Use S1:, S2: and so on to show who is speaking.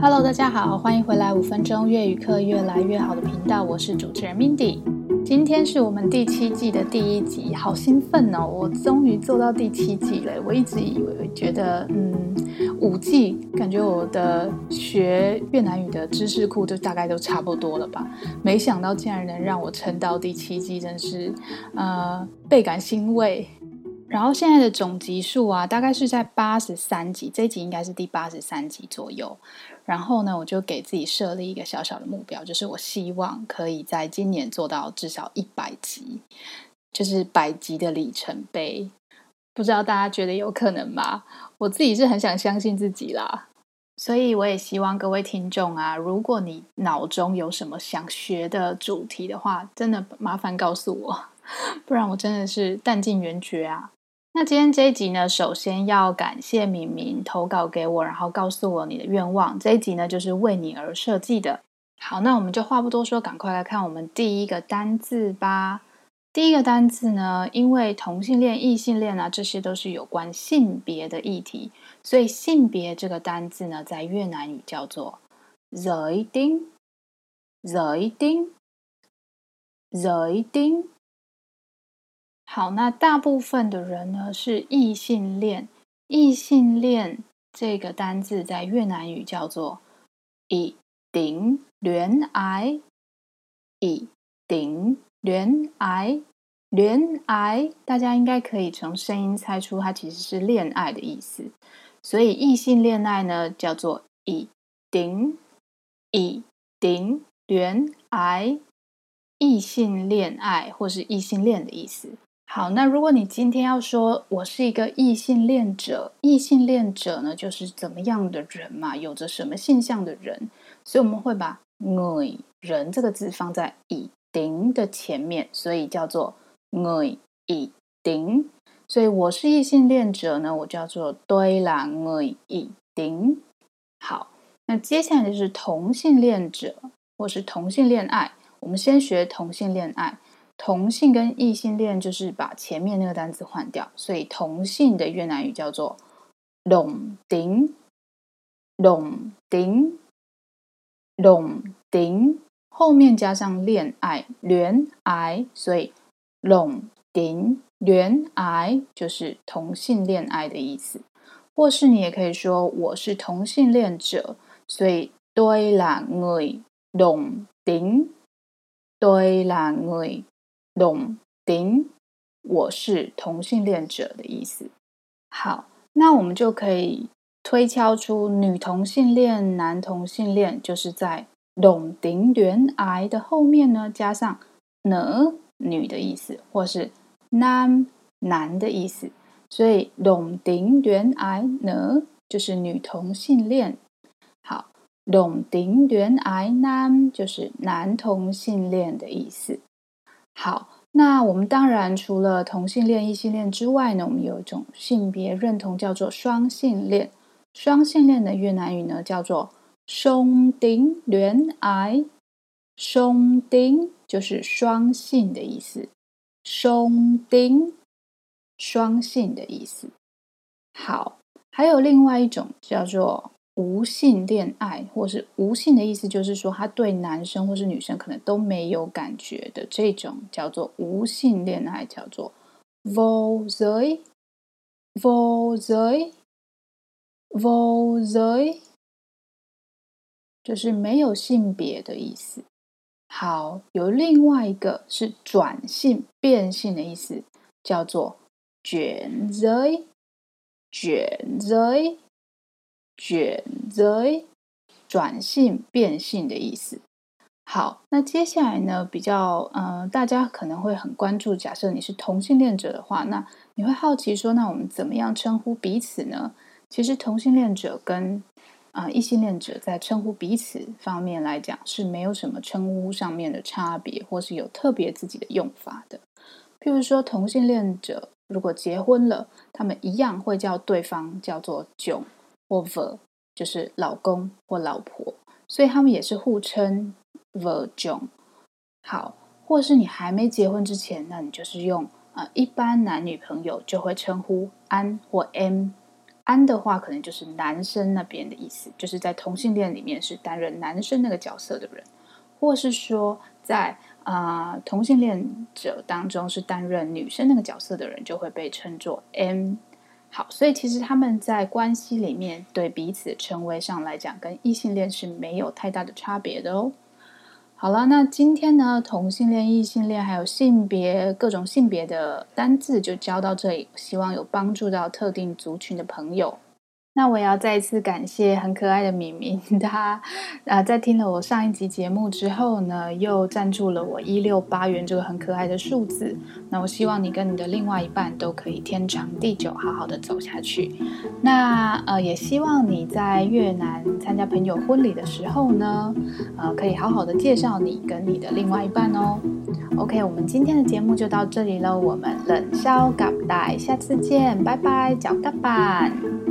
S1: Hello，大家好，歡迎回來《五分鐘越語課》越來越好的頻道，我是主持人 Mindy。今天是我們第七季的第一集，好興奮哦！我終於做到第七季嘞！我一直以為我覺得，嗯，五季感覺我的學越南語的知識庫就大概都差不多了吧？沒想到竟然能讓我撐到第七季，真是呃倍感欣慰。然後現在的總集數啊，大概是在八十三集，這一集應該是第八十三集左右。然後呢，我就給自己設立一個小小的目標，就是我希望可以在今年做到至少一百集，就是百集的里程碑。不知道大家覺得有可能嗎？我自己是很想相信自己啦，所以我也希望各位聽眾啊，如果你腦中有什麼想學的主題的話，真的麻煩告訴我，不然我真的是彈盡援絕啊。那今天這一集呢，首先要感謝敏敏投稿給我，然後告訴我你的願望。這一集呢，就是為你而設計的。好，那我們就話不多說，趕快來看我們第一個單字吧。第一個單字呢，因為同性戀、異性戀啊，這些都是有關性別的議題，所以“性別”這個單字呢，在越南語叫做 giới tính, giới tính, giới tính。好，那大部分的人呢是異性戀，異性戀這個單字在越南語叫做“以頂戀愛”，以頂戀愛戀愛，大家應該可以從聲音猜出它其實是戀愛的意思，所以異性戀愛呢叫做以“以頂以頂戀愛”，異性戀愛或是異性戀的意思。好，那如果你今天要說我是一個異性戀者，異性戀者呢就是怎麼樣的人嘛，有着什麼性向的人，所以我們會把“女人”這個字放在“一定”的前面，所以叫做“女一定”。所以我是異性戀者呢，我叫做“對啦，女一定”。好，那接下來就是同性戀者或是同性戀愛，我們先學同性戀愛。同性跟異性戀就是把前面那個單字換掉，所以同性的越南語叫做 “đồng tính”，“đồng tính”，“đồng tính” 後面加上“戀愛”，“戀愛”，所以 “đồng tính 戀愛”就是同性戀愛的意思。或是你也可以說我是同性戀者，所以 “tôi là người đồng tính” 龍丁，我是同性戀者的意思。好，那我們就可以推敲出女同性戀、男同性戀，就是在龍丁原癌的後面呢，加上呢女的意思，或是男男的意思。所以龍丁原癌呢就是女同性戀，好，龍丁原癌男就是男同性戀的意思。好，那我們當然除了同性戀、異性戀之外呢，我們有一種性別認同叫做雙性戀。雙性戀的越南語呢叫做 song tính luyến ái，song tính 就是雙性的意思 song tính 雙性的意思。好，還有另外一種叫做。無性戀愛，或是無性的意思，就是說他對男生或是女生可能都沒有感覺的這種叫做無性戀愛，叫做 vô giới，vô giới，vô giới 就是沒有性別的意思。好，有另外一個是轉性變性的意思，叫做 chuyển giới，chuyển giới。選擇轉性變性的意思。好，那接下來呢，比較嗯、呃，大家可能會很關注。假設你是同性戀者的話，那你會好奇說，那我們怎麼樣稱呼彼此呢？其實同性戀者跟啊、呃、異性戀者在稱呼彼此方面來講，是沒有什麼稱呼上面的差別，或是有特別自己的用法的。譬如說，同性戀者如果結婚了，他們一樣會叫對方叫做 chồng。或 vợ, 就是老公或老婆，所以他們也是互稱 vợ chồng。好，或是你還沒結婚之前，那你就是用呃一般男女朋友就會稱呼 anh 或 em。anh 的話，可能就是男生那邊的意思，就是在同性戀裡面是擔任男生那個角色的人，或是說在啊、呃、同性戀者當中是擔任女生那個角色的人，就會被稱作 em。好，所以其實他們在關係裡面對彼此稱謂上來講，跟異性戀是沒有太大的差別的哦。好了，那今天呢，同性戀、異性戀還有性別各種性別的單字就教到這裡，希望有幫助到特定族群的朋友。那我也要再一次感謝很可愛的敏敏，他、呃、啊，在聽了我上一集節目之後呢，又贊助了我一六八元，這個很可愛的數字。那我希望你跟你的另外一半都可以天長地久，好好的走下去。那呃，也希望你在越南參加朋友婚禮的時候呢，呃，可以好好的介紹你跟你的另外一半哦。OK，我們今天的節目就到這裡了，我們冷笑咖不帶，下次見，拜拜，腳踏板。